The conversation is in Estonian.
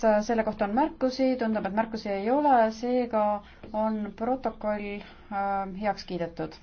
kas äh, selle kohta on märkusi? tundub, et märkusi ei ole, seega on protokoll äh, heaks kiidetud